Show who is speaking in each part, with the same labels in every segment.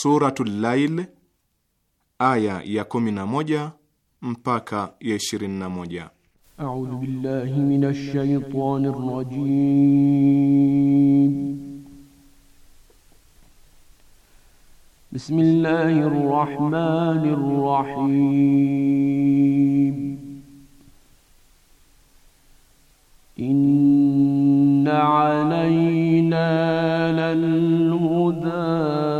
Speaker 1: Suratul Lail aya ya kumi 11 mpaka ya 21.
Speaker 2: A'udhu billahi minash shaitanir rajim. Bismillahir rahmanir rahim. Inna alayna lal huda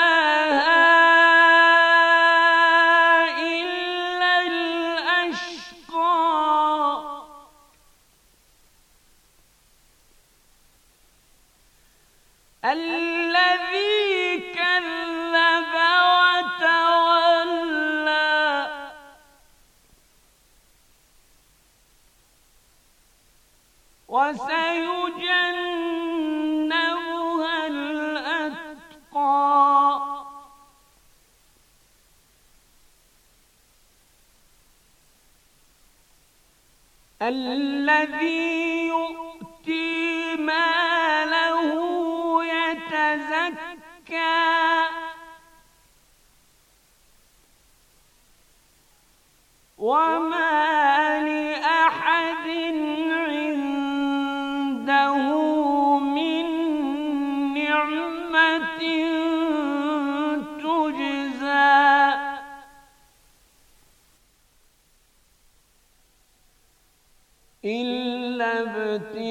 Speaker 2: الذي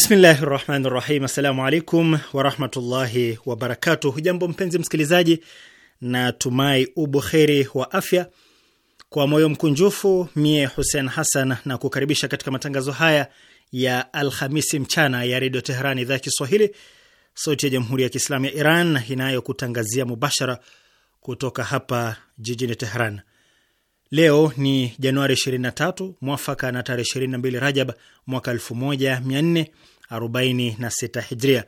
Speaker 3: Bismillahi rahmani rahim. Assalamu alaikum warahmatullahi wabarakatuh. Hujambo mpenzi msikilizaji, na tumai ubuheri wa afya. Kwa moyo mkunjufu, mie Hussein Hassan na kukaribisha katika matangazo haya ya Alhamisi mchana ya Redio Tehran, idhaa ya Kiswahili, sauti ya Jamhuri ya Kiislamu ya Iran inayokutangazia mubashara kutoka hapa jijini Tehran. Leo ni Januari 23 mwafaka na tarehe 22 Rajab mwaka 1446 Hijria.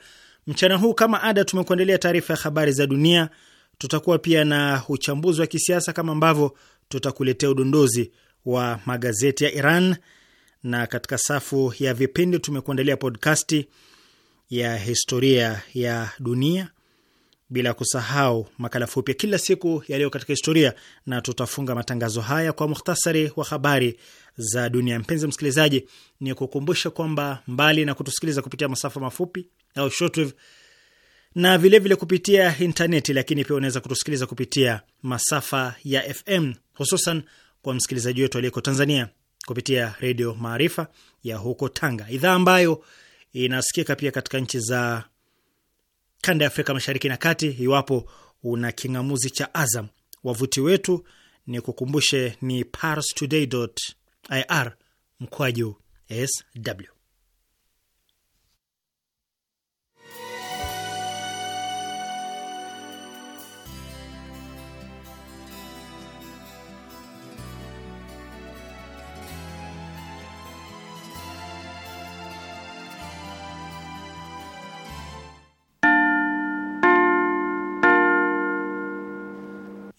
Speaker 3: Mchana huu kama ada, tumekuandalia taarifa ya habari za dunia. Tutakuwa pia na uchambuzi wa kisiasa kama ambavyo tutakuletea udondozi wa magazeti ya Iran, na katika safu ya vipindi tumekuandalia podkasti ya historia ya dunia bila kusahau makala fupi kila siku yaliyo katika historia, na tutafunga matangazo haya kwa muhtasari wa habari za dunia. Mpenzi msikilizaji, ni kukumbusha kwamba mbali na kutusikiliza kupitia masafa mafupi au shortwave na vilevile vile kupitia intaneti, lakini pia unaweza kutusikiliza kupitia masafa ya FM, hususan kwa msikilizaji wetu aliyeko Tanzania kupitia Redio Maarifa ya huko Tanga, idhaa ambayo inasikika pia katika nchi za kanda ya Afrika Mashariki na Kati, iwapo una king'amuzi cha Azam. Wavuti wetu ni kukumbushe ni parstoday.ir mkwaju sw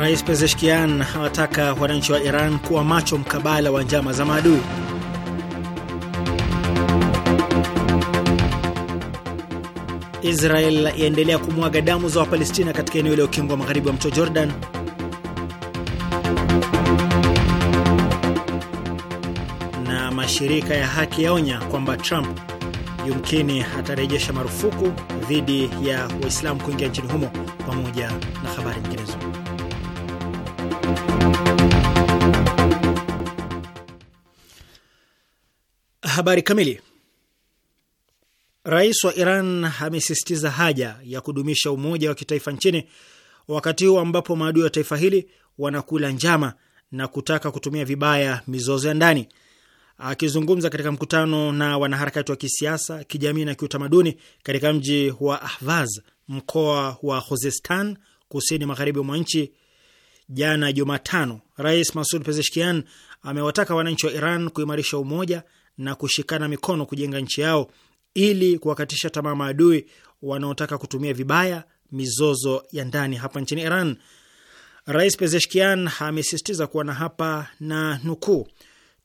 Speaker 3: Rais Pezeshkian awataka wananchi wa Iran kuwa macho mkabala wa njama za maadui. Israel yaendelea kumwaga damu za Wapalestina katika eneo la ukingo wa magharibi wa mto Jordan. Na mashirika ya haki yaonya kwamba Trump yumkini atarejesha marufuku dhidi ya Waislamu kuingia nchini humo, pamoja na habari nyinginezo. Habari kamili. Rais wa Iran amesisitiza haja ya kudumisha umoja wa kitaifa nchini wakati huu ambapo maadui wa taifa hili wanakula njama na kutaka kutumia vibaya mizozo ya ndani. Akizungumza katika mkutano na wanaharakati wa kisiasa, kijamii na kiutamaduni katika mji wa Ahvaz, mkoa wa Khuzestan, kusini magharibi mwa nchi, jana Jumatano, Rais Masud Pezeshkian amewataka wananchi wa Iran kuimarisha umoja na kushikana mikono kujenga nchi yao ili kuwakatisha tamaa maadui wanaotaka kutumia vibaya mizozo ya ndani hapa nchini Iran. Rais Pezeshkian amesisitiza kuwa na hapa na nukuu,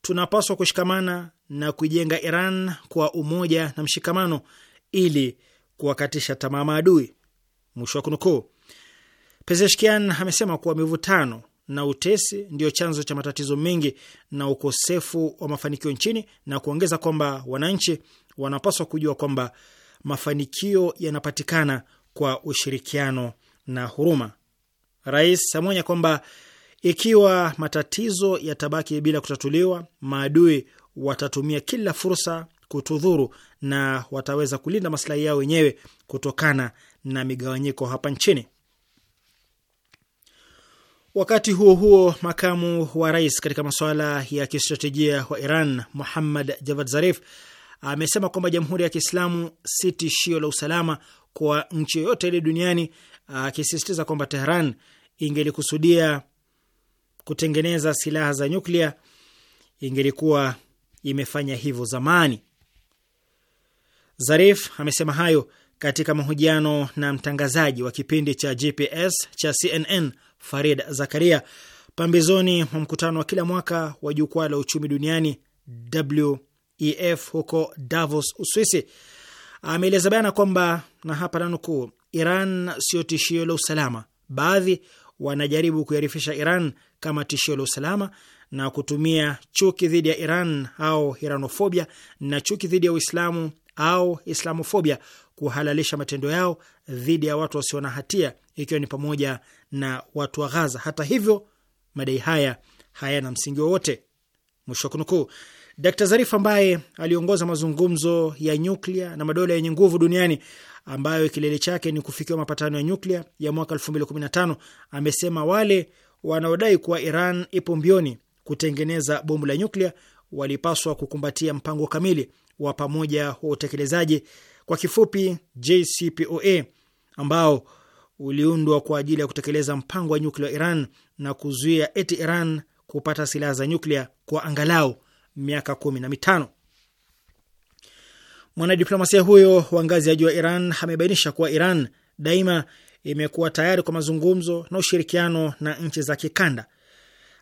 Speaker 3: tunapaswa kushikamana na kuijenga Iran kwa umoja na mshikamano ili kuwakatisha tamaa maadui, mwisho wa kunukuu. Pezeshkian amesema kuwa mivutano na utesi ndio chanzo cha matatizo mengi na ukosefu wa mafanikio nchini, na kuongeza kwamba wananchi wanapaswa kujua kwamba mafanikio yanapatikana kwa ushirikiano na huruma. Rais ameonya kwamba ikiwa matatizo yatabaki bila kutatuliwa, maadui watatumia kila fursa kutudhuru na wataweza kulinda maslahi yao wenyewe kutokana na migawanyiko hapa nchini. Wakati huo huo, makamu wa rais katika masuala ya kistratejia wa Iran Muhammad Javad Zarif amesema kwamba Jamhuri ya Kiislamu si tishio la usalama kwa nchi yoyote ile duniani, akisisitiza kwamba Tehran ingelikusudia kutengeneza silaha za nyuklia ingelikuwa imefanya hivyo zamani. Zarif amesema hayo katika mahojiano na mtangazaji wa kipindi cha GPS cha CNN Farid Zakaria pambezoni mwa mkutano wa kila mwaka wa jukwaa la uchumi duniani WEF huko Davos, Uswisi, ameeleza bayana kwamba na hapa nanukuu, Iran sio tishio la usalama. Baadhi wanajaribu kuiarifisha Iran kama tishio la usalama na kutumia chuki dhidi ya Iran au Iranofobia na chuki dhidi ya Uislamu au Islamofobia kuhalalisha matendo yao dhidi ya watu wasio na hatia, ikiwa ni pamoja na watu wa Ghaza. Hata hivyo, madai haya hayana msingi wowote, mwisho wa kunukuu. Dkt Zarif ambaye aliongoza mazungumzo ya nyuklia na madola yenye nguvu duniani ambayo kilele chake ni kufikiwa mapatano ya nyuklia ya mwaka 2015 amesema wale wanaodai kuwa Iran ipo mbioni kutengeneza bomu la nyuklia walipaswa kukumbatia mpango kamili wa pamoja wa utekelezaji, kwa kifupi JCPOA, ambao uliundwa kwa ajili ya kutekeleza mpango wa nyuklia wa Iran na kuzuia eti Iran kupata silaha za nyuklia kwa angalau miaka kumi na mitano. Mwanadiplomasia huyo wa ngazi ya juu wa Iran amebainisha kuwa Iran daima imekuwa tayari kwa mazungumzo na ushirikiano na nchi za kikanda.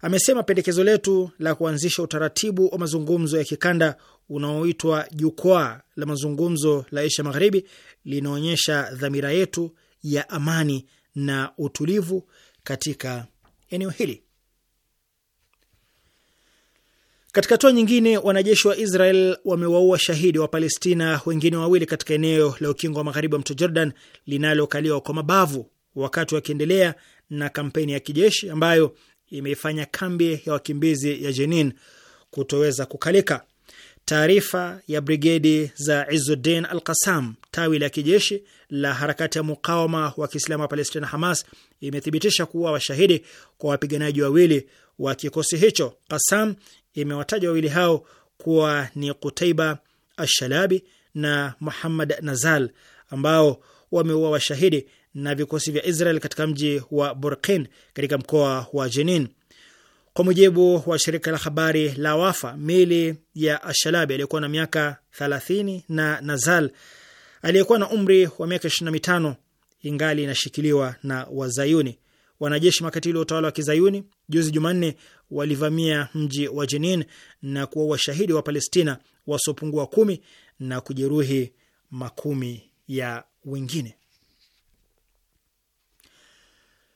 Speaker 3: Amesema pendekezo letu la kuanzisha utaratibu wa mazungumzo ya kikanda unaoitwa jukwaa la mazungumzo la Asia Magharibi linaonyesha dhamira yetu ya amani na utulivu katika eneo hili. Katika hatua nyingine, wanajeshi wa Israel wamewaua shahidi wa Palestina wengine wawili katika eneo la ukingo wa magharibi wa mto Jordan linalokaliwa kwa mabavu wakati wakiendelea na kampeni ya kijeshi ambayo imeifanya kambi ya wakimbizi ya Jenin kutoweza kukalika. Taarifa ya brigedi za Izuddin al Qassam, tawi la kijeshi la harakati ya mukawama wa kiislamu wa Palestina, Hamas, imethibitisha kuwa washahidi kwa wapiganaji wawili wa kikosi hicho. Qassam imewataja wawili hao kuwa ni Kutaiba Ashalabi na Muhammad Nazal, ambao wameua washahidi na vikosi vya Israel katika mji wa burkin katika mkoa wa Jenin. Kwa mujibu wa shirika la habari la Wafa, mili ya Ashalabi aliyekuwa na miaka 30 na Nazal aliyekuwa na umri wa miaka 25 ingali inashikiliwa na Wazayuni. Wanajeshi makatili wa utawala wa Kizayuni juzi Jumanne walivamia mji wa Jenin na kuwa washahidi wa Palestina wasiopungua kumi na kujeruhi makumi ya wengine.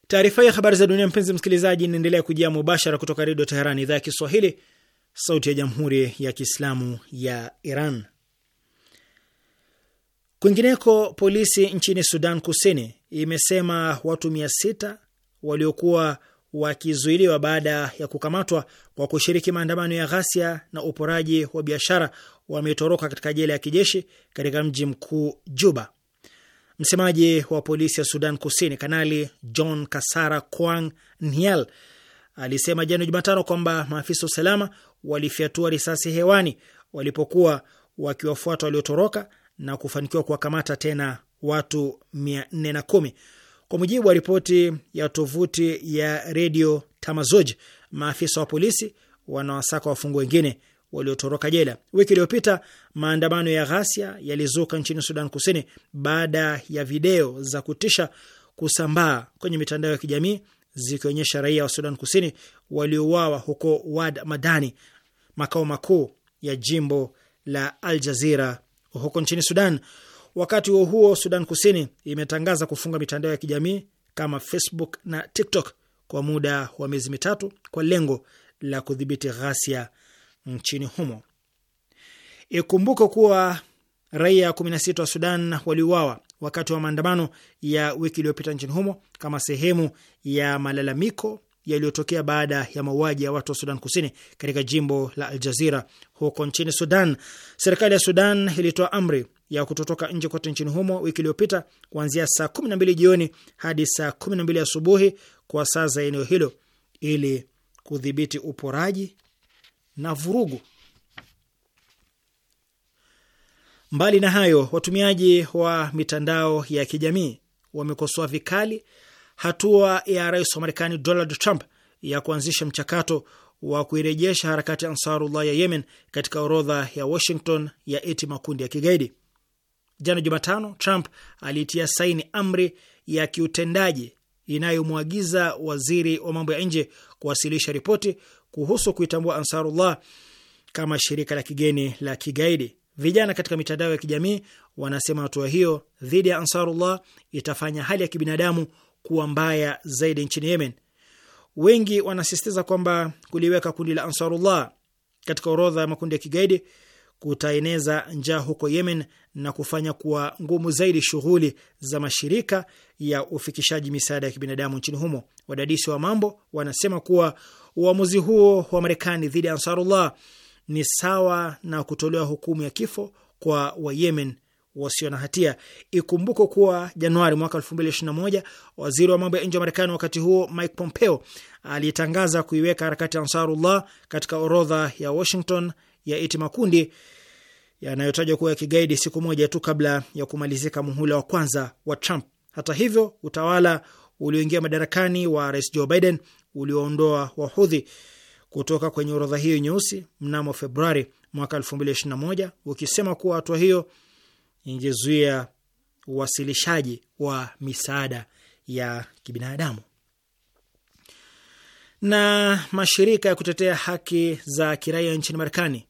Speaker 3: Taarifa ya habari za dunia, mpenzi msikilizaji, inaendelea kujia mubashara kutoka Redio Teheran, idhaa ya Kiswahili, sauti ya Jamhuri ya Kiislamu ya Iran. Kwingineko, polisi nchini Sudan Kusini imesema watu mia sita waliokuwa wakizuiliwa baada ya kukamatwa kwa kushiriki maandamano ya ghasia na uporaji wa biashara wametoroka katika jela ya kijeshi katika mji mkuu Juba. Msemaji wa polisi ya Sudan Kusini, Kanali John Kasara Kwang nial alisema jana Jumatano kwamba maafisa wa usalama walifyatua risasi hewani walipokuwa wakiwafuata waliotoroka na kufanikiwa kuwakamata tena watu 410. Kwa mujibu wa ripoti ya tovuti ya redio Tamazoj, maafisa wa polisi wanawasaka wafungwa wengine waliotoroka jela. Wiki iliyopita maandamano ya ghasia yalizuka nchini Sudan Kusini baada ya video za kutisha kusambaa kwenye mitandao ya kijamii zikionyesha raia wa Sudan Kusini waliouawa huko Wad Madani, makao makuu ya jimbo la Al Jazira huko nchini Sudan. Wakati huo huo, Sudan Kusini imetangaza kufunga mitandao ya kijamii kama Facebook na TikTok kwa muda wa miezi mitatu kwa lengo la kudhibiti ghasia nchini humo. Ikumbuke kuwa raia 16 wa Sudan waliuawa wakati wa maandamano ya wiki iliyopita nchini humo kama sehemu ya malalamiko yaliyotokea baada ya mauaji ya watu wa Sudan Kusini katika jimbo la Al Jazira huko nchini Sudan. Serikali ya Sudan ilitoa amri ya kutotoka nje kote nchini humo wiki iliyopita kuanzia saa mbili jioni hadi saa mbili asubuhi kwa saa za eneo hilo ili kudhibiti uporaji na vurugu. Mbali na hayo, watumiaji wa mitandao ya kijamii wamekosoa vikali hatua ya rais wa Marekani Donald Trump ya kuanzisha mchakato wa kuirejesha harakati ya Ansarullah ya Yemen katika orodha ya Washington ya eti makundi ya kigaidi. Jana Jumatano, Trump aliitia saini amri ya kiutendaji inayomwagiza waziri wa mambo ya nje kuwasilisha ripoti kuhusu kuitambua Ansarullah kama shirika la kigeni la kigaidi. Vijana katika mitandao ya kijamii wanasema hatua hiyo dhidi ya Ansarullah itafanya hali ya kibinadamu kuwa mbaya zaidi nchini Yemen. Wengi wanasisitiza kwamba kuliweka kundi la Ansarullah katika orodha ya makundi ya kigaidi kutaeneza njaa huko Yemen na kufanya kuwa ngumu zaidi shughuli za mashirika ya ufikishaji misaada ya kibinadamu nchini humo. Wadadisi wa mambo wanasema kuwa Uamuzi huo wa Marekani dhidi ya Ansarullah ni sawa na kutolewa hukumu ya kifo kwa Wayemen wasio na hatia. Ikumbuko kuwa Januari mwaka 2021 waziri wa mambo ya nje wa Marekani wakati huo Mike Pompeo alitangaza kuiweka harakati ya Ansarullah katika orodha ya Washington ya iti makundi yanayotajwa kuwa ya kigaidi, siku moja tu kabla ya kumalizika muhula wa kwanza wa Trump. Hata hivyo, utawala ulioingia madarakani wa rais Joe Biden ulioondoa wahudhi kutoka kwenye orodha hiyo nyeusi mnamo Februari mwaka 2021 ukisema kuwa hatua hiyo ingezuia uwasilishaji wa misaada ya kibinadamu. Na mashirika ya kutetea haki za kiraia nchini Marekani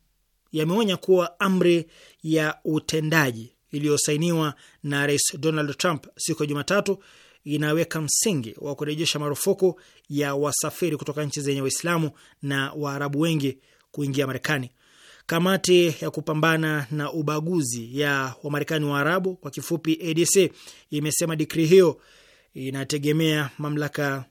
Speaker 3: yameonya kuwa amri ya utendaji iliyosainiwa na Rais Donald Trump siku ya Jumatatu inaweka msingi wa kurejesha marufuku ya wasafiri kutoka nchi zenye Waislamu na Waarabu wengi kuingia Marekani. Kamati ya kupambana na ubaguzi ya Wamarekani wa Arabu, kwa kifupi ADC, imesema dikri hiyo inategemea mamlaka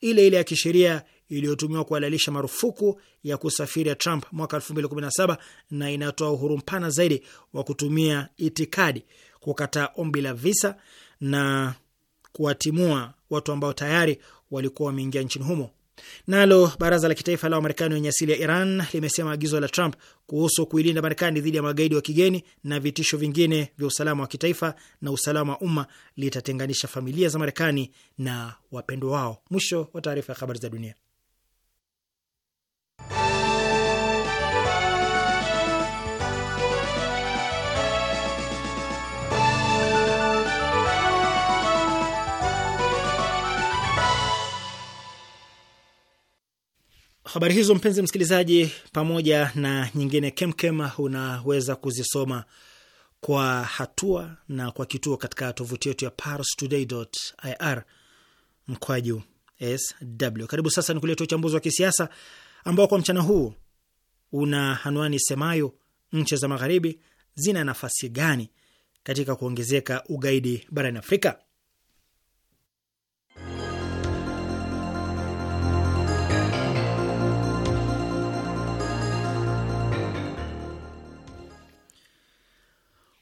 Speaker 3: ile ile ya kisheria iliyotumiwa kuhalalisha marufuku ya kusafiri ya Trump mwaka 2017 na inatoa uhuru mpana zaidi wa kutumia itikadi kukataa ombi la visa na kuwatimua watu ambao tayari walikuwa wameingia nchini humo. Nalo baraza la kitaifa la Wamarekani wenye asili ya Iran limesema agizo la Trump kuhusu kuilinda Marekani dhidi ya magaidi wa kigeni na vitisho vingine vya usalama wa kitaifa na usalama wa umma litatenganisha familia za Marekani na wapendwa wao. Mwisho wa taarifa ya habari za dunia. Habari hizo mpenzi msikilizaji, pamoja na nyingine kemkem, unaweza kuzisoma kwa hatua na kwa kituo katika tovuti yetu ya parstoday.ir mkwaju sw. Karibu sasa ni kuleta uchambuzi wa kisiasa ambao kwa mchana huu una anwani semayo nchi za magharibi zina nafasi gani katika kuongezeka ugaidi barani Afrika.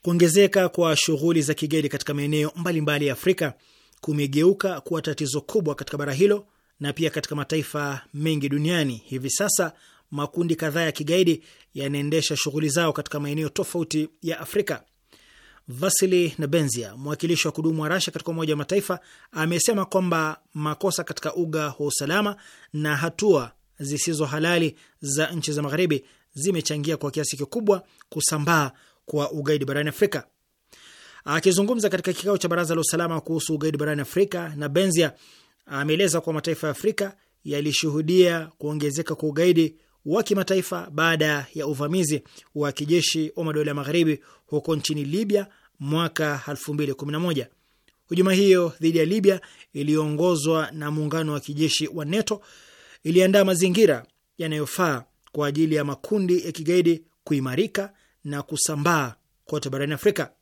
Speaker 3: Kuongezeka kwa shughuli za kigaidi katika maeneo mbalimbali ya Afrika kumegeuka kuwa tatizo kubwa katika bara hilo na pia katika mataifa mengi duniani. Hivi sasa makundi kadhaa ya kigaidi yanaendesha shughuli zao katika maeneo tofauti ya Afrika. Vasili Nebenzia, mwakilishi wa kudumu wa Rasha katika Umoja wa Mataifa, amesema kwamba makosa katika uga wa usalama na hatua zisizo halali za nchi za Magharibi zimechangia kwa kiasi kikubwa kusambaa kwa ugaidi barani Afrika. Akizungumza katika kikao cha baraza la usalama kuhusu ugaidi barani Afrika, na Benzia ameeleza kuwa mataifa ya Afrika yalishuhudia kuongezeka kwa ugaidi wa kimataifa baada ya uvamizi wa kijeshi wa madola ya magharibi huko nchini Libya mwaka 2011. Hujuma hiyo dhidi ya Libya iliyoongozwa na muungano wa kijeshi wa NATO iliandaa mazingira yanayofaa kwa ajili ya makundi ya kigaidi kuimarika na kusambaa kote barani Afrika.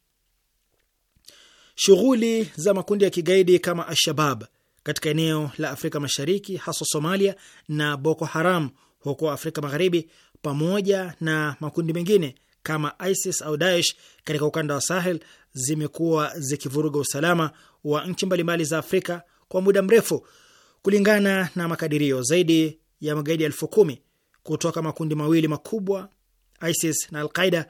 Speaker 3: Shughuli za makundi ya kigaidi kama Alshabab katika eneo la Afrika Mashariki, hasa Somalia, na Boko Haram huko Afrika Magharibi, pamoja na makundi mengine kama ISIS au Daesh katika ukanda wa Sahel zimekuwa zikivuruga usalama wa nchi mbalimbali za Afrika kwa muda mrefu. Kulingana na makadirio, zaidi ya magaidi elfu kumi kutoka makundi mawili makubwa ISIS na Alqaida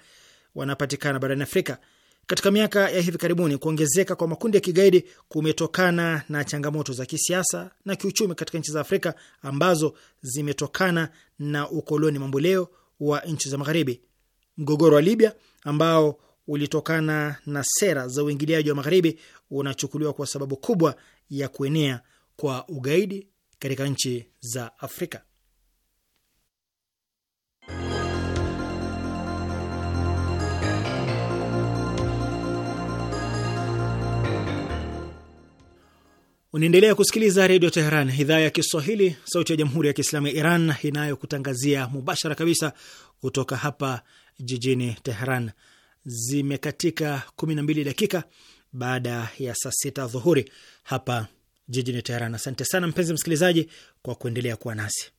Speaker 3: wanapatikana barani Afrika. Katika miaka ya hivi karibuni, kuongezeka kwa makundi ya kigaidi kumetokana na changamoto za kisiasa na kiuchumi katika nchi za Afrika ambazo zimetokana na ukoloni mamboleo wa nchi za Magharibi. Mgogoro wa Libya ambao ulitokana na sera za uingiliaji wa Magharibi unachukuliwa kwa sababu kubwa ya kuenea kwa ugaidi katika nchi za Afrika. Unaendelea kusikiliza redio Teheran, idhaa ya Kiswahili, sauti ya jamhuri ya kiislamu ya Iran inayokutangazia mubashara kabisa kutoka hapa jijini Teheran. Zimekatika 12 dakika baada ya saa sita dhuhuri hapa jijini Teheran. Asante sana mpenzi msikilizaji kwa kuendelea kuwa nasi.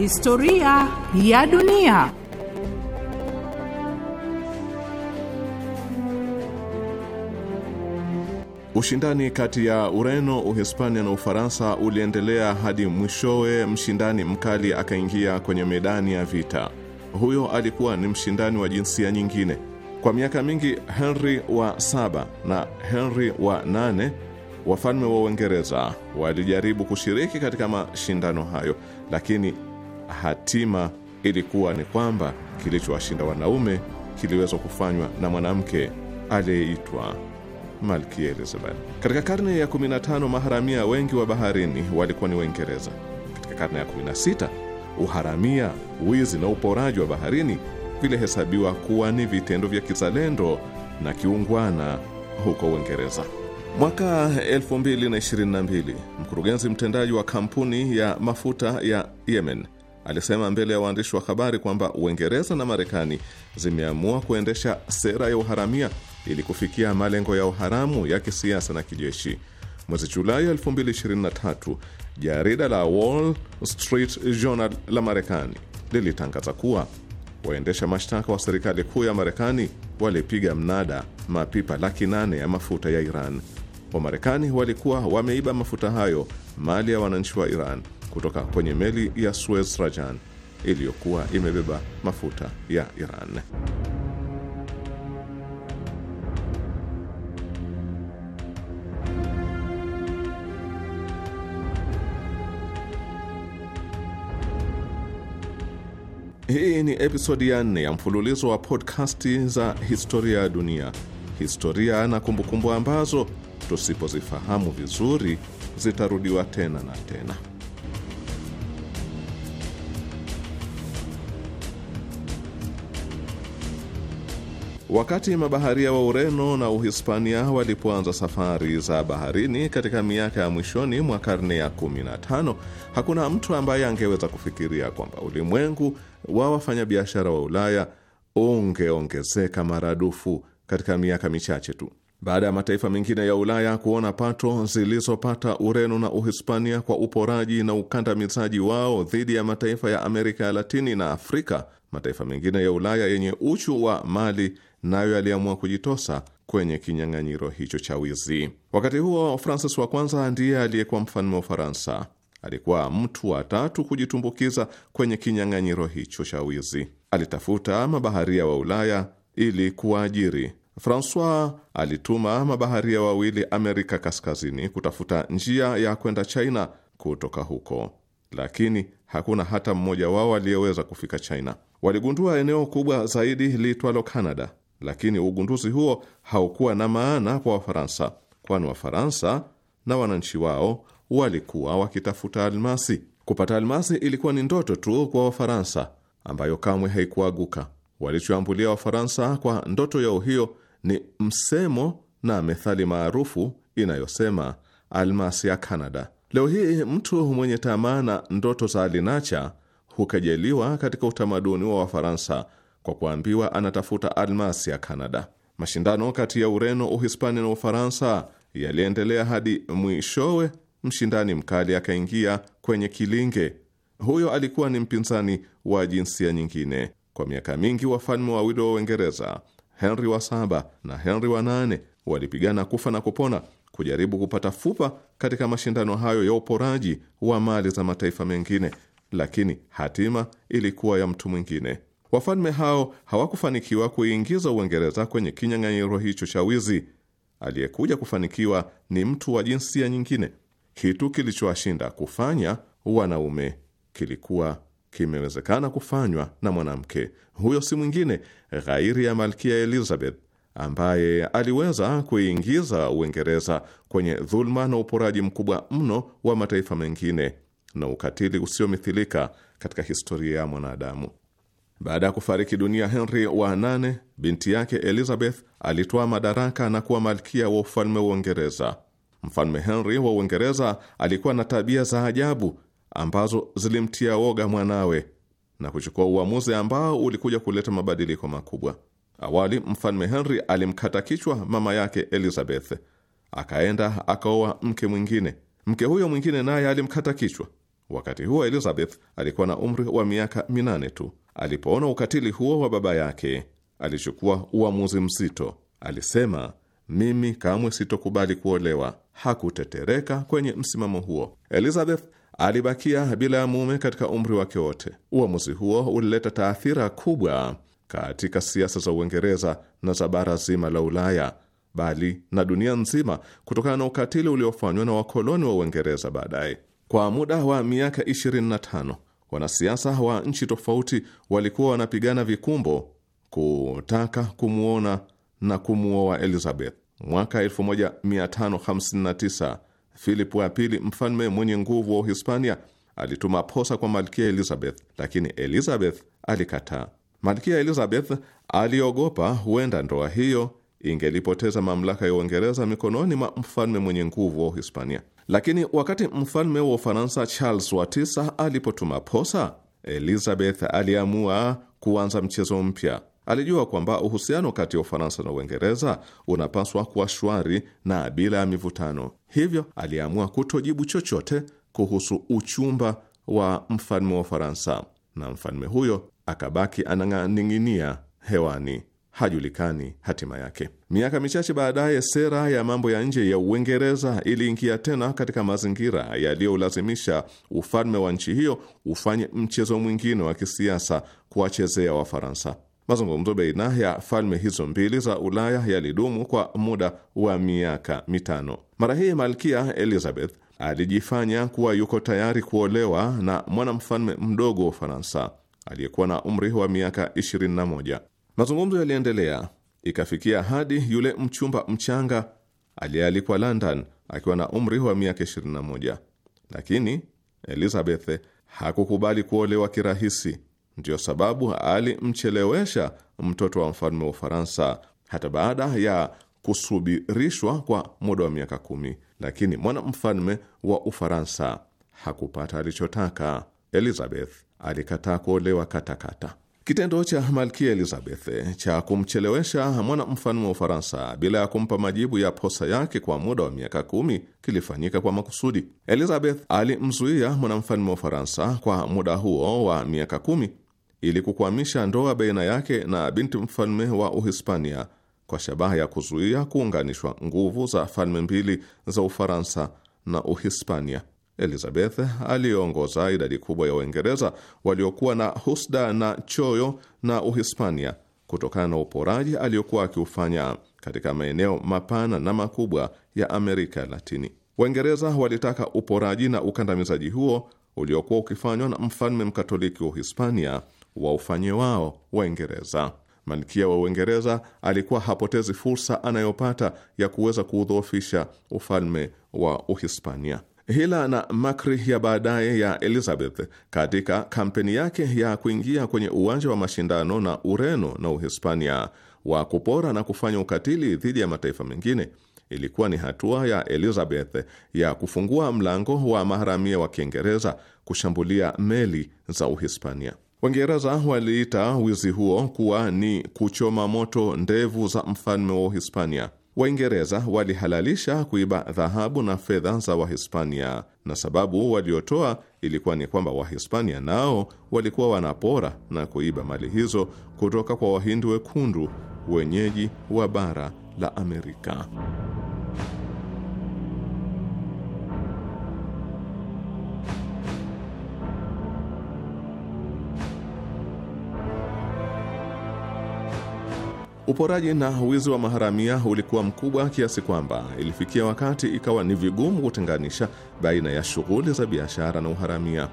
Speaker 4: Historia ya dunia.
Speaker 1: Ushindani kati ya Ureno, Uhispania na Ufaransa uliendelea hadi mwishowe mshindani mkali akaingia kwenye medani ya vita. Huyo alikuwa ni mshindani wa jinsia nyingine. Kwa miaka mingi, Henry wa saba na Henry wa nane wafalme wa Uingereza walijaribu kushiriki katika mashindano hayo, lakini hatima ilikuwa ni kwamba kilichowashinda wanaume kiliweza kufanywa na mwanamke aliyeitwa Malkia Elizabeth. Katika karne ya 15 maharamia wengi wa baharini walikuwa ni Waingereza. Katika karne ya 16 uharamia, wizi na uporaji wa baharini vilihesabiwa kuwa ni vitendo vya kizalendo na kiungwana huko Uingereza. Mwaka 2022 mkurugenzi mtendaji wa kampuni ya mafuta ya Yemen Alisema mbele ya waandishi wa habari kwamba Uingereza na Marekani zimeamua kuendesha sera ya uharamia ili kufikia malengo ya uharamu ya kisiasa na kijeshi. Mwezi Julai 2023 jarida la Wall Street Journal la Marekani lilitangaza kuwa waendesha mashtaka wa serikali kuu ya Marekani walipiga mnada mapipa laki nane ya mafuta ya Iran. Wamarekani walikuwa wameiba mafuta hayo, mali ya wananchi wa Iran kutoka kwenye meli ya Suez Rajan iliyokuwa imebeba mafuta ya Iran. Hii ni episodi ya nne ya mfululizo wa podkasti za historia ya dunia, historia na kumbukumbu ambazo tusipozifahamu vizuri zitarudiwa tena na tena. Wakati mabaharia wa Ureno na Uhispania walipoanza safari za baharini katika miaka ya mwishoni mwa karne ya 15, hakuna mtu ambaye angeweza kufikiria kwamba ulimwengu wa wafanyabiashara wa Ulaya ungeongezeka maradufu katika miaka michache tu. Baada ya mataifa mengine ya Ulaya kuona pato zilizopata Ureno na Uhispania kwa uporaji na ukandamizaji wao dhidi ya mataifa ya Amerika ya Latini na Afrika, mataifa mengine ya Ulaya yenye uchu wa mali nayo yaliamua kujitosa kwenye kinyang'anyiro hicho cha wizi. Wakati huo, Francis wa kwanza ndiye aliyekuwa mfalme wa Ufaransa. Alikuwa mtu wa tatu kujitumbukiza kwenye kinyang'anyiro hicho cha wizi. Alitafuta mabaharia wa Ulaya ili kuwaajiri Francois alituma mabaharia wawili Amerika Kaskazini kutafuta njia ya kwenda China kutoka huko, lakini hakuna hata mmoja wao aliyeweza kufika China. Waligundua eneo kubwa zaidi liitwalo Canada, lakini ugunduzi huo haukuwa na maana kwa Wafaransa, kwani Wafaransa na wananchi wao walikuwa wakitafuta almasi. Kupata almasi ilikuwa ni ndoto tu kwa Wafaransa ambayo kamwe haikuaguka. Walichoambulia Wafaransa kwa ndoto yao hiyo ni msemo na methali maarufu inayosema almasi ya Canada. Leo hii mtu mwenye tamaa na ndoto za alinacha hukejeliwa katika utamaduni wa Wafaransa kwa kuambiwa anatafuta almasi ya Canada. Mashindano kati ya Ureno, Uhispania na Ufaransa yaliendelea hadi mwishowe mshindani mkali akaingia kwenye kilinge. Huyo alikuwa ni mpinzani wa jinsia nyingine. Kwa miaka mingi wafalme wawili wa Uingereza Henry wa saba na Henry wa nane walipigana kufa na kupona kujaribu kupata fupa katika mashindano hayo ya uporaji wa mali za mataifa mengine, lakini hatima ilikuwa ya mtu mwingine. Wafalme hao hawakufanikiwa kuingiza Uingereza kwenye kinyang'anyiro hicho cha wizi. Aliyekuja kufanikiwa ni mtu wa jinsia nyingine. Kitu kilichowashinda kufanya wanaume kilikuwa kimewezekana kufanywa na mwanamke huyo si mwingine ghairi ya Malkia Elizabeth ambaye aliweza kuingiza Uingereza kwenye dhuluma na uporaji mkubwa mno wa mataifa mengine na ukatili usiomithilika katika historia ya mwanadamu. Baada ya kufariki dunia Henry wa nane, binti yake Elizabeth alitoa madaraka na kuwa malkia wa ufalme wa Uingereza. Mfalme Henry wa Uingereza alikuwa na tabia za ajabu ambazo zilimtia woga mwanawe na kuchukua uamuzi ambao ulikuja kuleta mabadiliko makubwa. Awali mfalme Henry alimkata kichwa mama yake Elizabeth, akaenda akaoa mke mwingine. Mke huyo mwingine naye alimkata kichwa. Wakati huo Elizabeth alikuwa na umri wa miaka minane tu. Alipoona ukatili huo wa baba yake, alichukua uamuzi mzito. Alisema, mimi kamwe sitokubali kuolewa. Hakutetereka kwenye msimamo huo. Elizabeth alibakia bila ya mume katika umri wake wote. Uamuzi huo ulileta taathira kubwa katika siasa za Uingereza na za bara zima la Ulaya, bali na dunia nzima, kutokana na ukatili uliofanywa na wakoloni wa Uingereza baadaye. Kwa muda wa miaka 25 wanasiasa wa nchi tofauti walikuwa wanapigana vikumbo kutaka kumwona na kumuoa Elizabeth. Mwaka 1559 Filipo wa pili, mfalme mwenye nguvu wa Uhispania, alituma posa kwa malkia Elizabeth, lakini Elizabeth alikataa. Malkia Elizabeth aliogopa huenda ndoa hiyo ingelipoteza mamlaka ya Uingereza mikononi mwa mfalme mwenye nguvu wa Uhispania. Lakini wakati mfalme wa Ufaransa Charles wa tisa alipotuma posa, Elizabeth aliamua kuanza mchezo mpya alijua kwamba uhusiano kati ya Ufaransa na Uingereza unapaswa kuwa shwari na bila ya mivutano, hivyo aliamua kutojibu chochote kuhusu uchumba wa mfalme wa Ufaransa, na mfalme huyo akabaki anang'aning'inia hewani, hajulikani hatima yake. Miaka michache baadaye, sera ya mambo ya nje ya Uingereza iliingia tena katika mazingira yaliyolazimisha ufalme wa nchi hiyo ufanye mchezo mwingine wa kisiasa kuwachezea Wafaransa. Mazungumzo baina ya falme hizo mbili za Ulaya yalidumu kwa muda wa miaka mitano. Mara hii malkia Elizabeth alijifanya kuwa yuko tayari kuolewa na mwanamfalme mdogo wa Ufaransa aliyekuwa na umri wa miaka 21. Mazungumzo yaliendelea ikafikia hadi yule mchumba mchanga aliyealikwa London akiwa na umri wa miaka 21, lakini Elizabeth hakukubali kuolewa kirahisi. Ndiyo sababu alimchelewesha mtoto wa mfalme wa Ufaransa hata baada ya kusubirishwa kwa muda wa miaka kumi, lakini mwana mfalme wa Ufaransa hakupata alichotaka. Elizabeth alikataa kuolewa katakata. Kitendo cha malkia Elizabeth cha kumchelewesha mwana mfalme wa Ufaransa bila ya kumpa majibu ya posa yake kwa muda wa miaka kumi kilifanyika kwa makusudi. Elizabeth alimzuia mwanamfalme wa Ufaransa kwa muda huo wa miaka kumi ili kukwamisha ndoa baina yake na binti mfalme wa Uhispania kwa shabaha ya kuzuia kuunganishwa nguvu za falme mbili za Ufaransa na Uhispania. Elizabeth aliongoza idadi kubwa ya Waingereza waliokuwa na husda na choyo na Uhispania kutokana na uporaji aliyokuwa akiufanya katika maeneo mapana na makubwa ya Amerika Latini. Waingereza walitaka uporaji na ukandamizaji huo uliokuwa ukifanywa na mfalme mkatoliki wa Uhispania wa ufanyi wao Waingereza. Malkia wa Uingereza alikuwa hapotezi fursa anayopata ya kuweza kuudhoofisha ufalme wa Uhispania. Hila na makri ya baadaye ya Elizabeth katika kampeni yake ya kuingia kwenye uwanja wa mashindano na Ureno na Uhispania wa kupora na kufanya ukatili dhidi ya mataifa mengine ilikuwa ni hatua ya Elizabeth ya kufungua mlango wa maharamia wa Kiingereza kushambulia meli za Uhispania. Waingereza waliita wizi huo kuwa ni kuchoma moto ndevu za mfalme wa Uhispania. Waingereza walihalalisha kuiba dhahabu na fedha za Wahispania, na sababu waliotoa ilikuwa ni kwamba Wahispania nao walikuwa wanapora na kuiba mali hizo kutoka kwa Wahindi wekundu wenyeji wa bara la Amerika. Uporaji na wizi wa maharamia ulikuwa mkubwa kiasi kwamba ilifikia wakati ikawa ni vigumu kutenganisha baina ya shughuli za biashara na uharamia.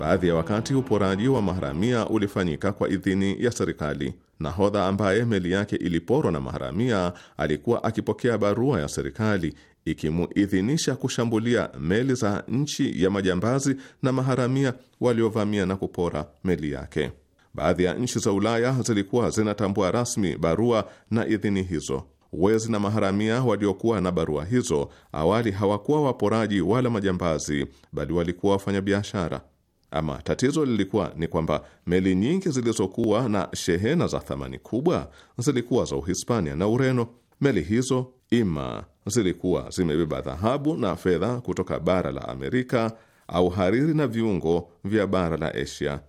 Speaker 1: Baadhi ya wakati uporaji wa maharamia ulifanyika kwa idhini ya serikali. Nahodha ambaye meli yake iliporwa na maharamia alikuwa akipokea barua ya serikali ikimuidhinisha kushambulia meli za nchi ya majambazi na maharamia waliovamia na kupora meli yake. Baadhi ya nchi za Ulaya zilikuwa zinatambua rasmi barua na idhini hizo. Wezi na maharamia waliokuwa na barua hizo awali hawakuwa waporaji wala majambazi, bali walikuwa wafanyabiashara. Ama tatizo lilikuwa ni kwamba meli nyingi zilizokuwa na shehena za thamani kubwa zilikuwa za Uhispania na Ureno. Meli hizo ima zilikuwa zimebeba dhahabu na fedha kutoka bara la Amerika au hariri na viungo vya bara la Asia.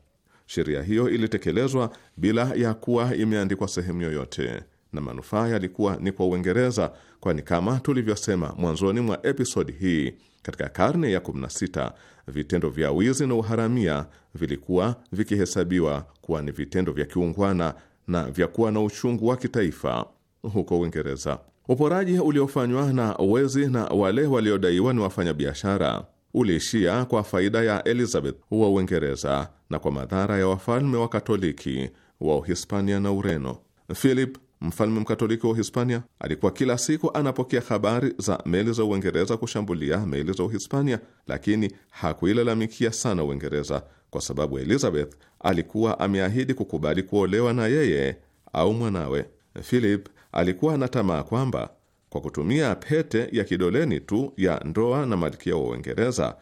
Speaker 1: Sheria hiyo ilitekelezwa bila ya kuwa imeandikwa sehemu yoyote, na manufaa yalikuwa ni kwa Uingereza, kwani kama tulivyosema mwanzoni mwa episodi hii, katika karne ya 16 vitendo vya wizi na uharamia vilikuwa vikihesabiwa kuwa ni vitendo vya kiungwana na vya kuwa na uchungu wa kitaifa huko Uingereza. Uporaji uliofanywa na wezi na wale waliodaiwa ni wafanyabiashara uliishia kwa faida ya Elizabeth wa Uingereza na kwa madhara ya wafalme wa Katoliki wa Uhispania na Ureno. Philip mfalme mkatoliki wa Uhispania alikuwa kila siku anapokea habari za meli za Uingereza kushambulia meli za Uhispania, lakini hakuilalamikia sana Uingereza kwa sababu Elizabeth alikuwa ameahidi kukubali kuolewa na yeye au mwanawe. Philip alikuwa na tamaa kwamba kwa kutumia pete ya kidoleni tu ya ndoa na malkia wa Uingereza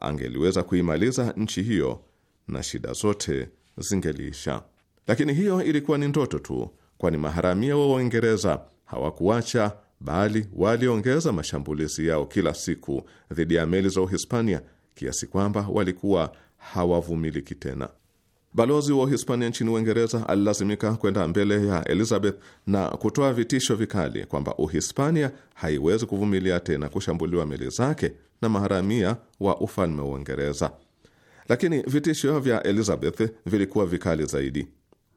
Speaker 1: angeliweza kuimaliza nchi hiyo na shida zote zingeliisha. Lakini hiyo ilikuwa ni ndoto tu, kwani maharamia wa Uingereza hawakuacha, bali waliongeza mashambulizi yao kila siku dhidi ya meli za Uhispania kiasi kwamba walikuwa hawavumiliki tena. Balozi wa Uhispania nchini Uingereza alilazimika kwenda mbele ya Elizabeth na kutoa vitisho vikali kwamba Uhispania haiwezi kuvumilia tena kushambuliwa meli zake na maharamia wa ufalme wa Uingereza. Lakini vitisho vya Elizabeth vilikuwa vikali zaidi.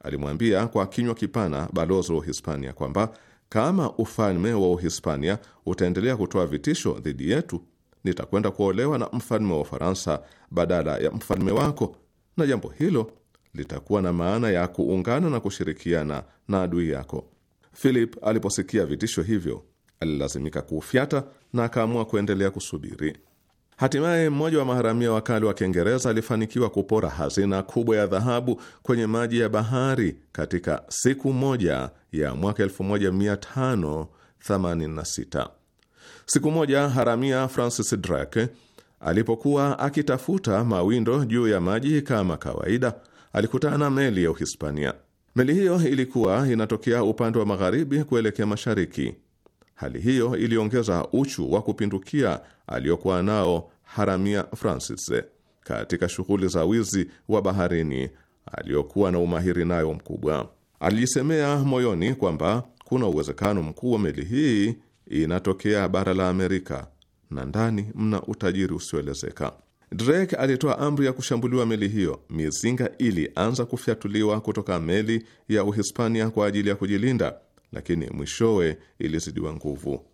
Speaker 1: Alimwambia kwa kinywa kipana balozi wa Uhispania kwamba kama ufalme wa Uhispania utaendelea kutoa vitisho dhidi yetu, nitakwenda kuolewa na mfalme wa Ufaransa badala ya mfalme wako, na jambo hilo litakuwa na maana ya kuungana na kushirikiana na adui yako. Philip aliposikia vitisho hivyo, alilazimika kuufyata na akaamua kuendelea kusubiri. Hatimaye mmoja wa maharamia wakali wa Kiingereza alifanikiwa kupora hazina kubwa ya dhahabu kwenye maji ya bahari katika siku moja ya mwaka 1586. Siku moja haramia Francis Drake alipokuwa akitafuta mawindo juu ya maji kama kawaida alikutana na meli ya Uhispania. Meli hiyo ilikuwa inatokea upande wa magharibi kuelekea mashariki. Hali hiyo iliongeza uchu wa kupindukia aliyokuwa nao haramia Francis katika shughuli za wizi wa baharini aliyokuwa na umahiri nayo mkubwa. Alijisemea moyoni kwamba kuna uwezekano mkuu wa meli hii inatokea bara la Amerika na ndani mna utajiri usioelezeka. Drake alitoa amri ya kushambuliwa meli hiyo. Mizinga ilianza kufyatuliwa kutoka meli ya Uhispania kwa ajili ya kujilinda, lakini mwishowe ilizidiwa nguvu.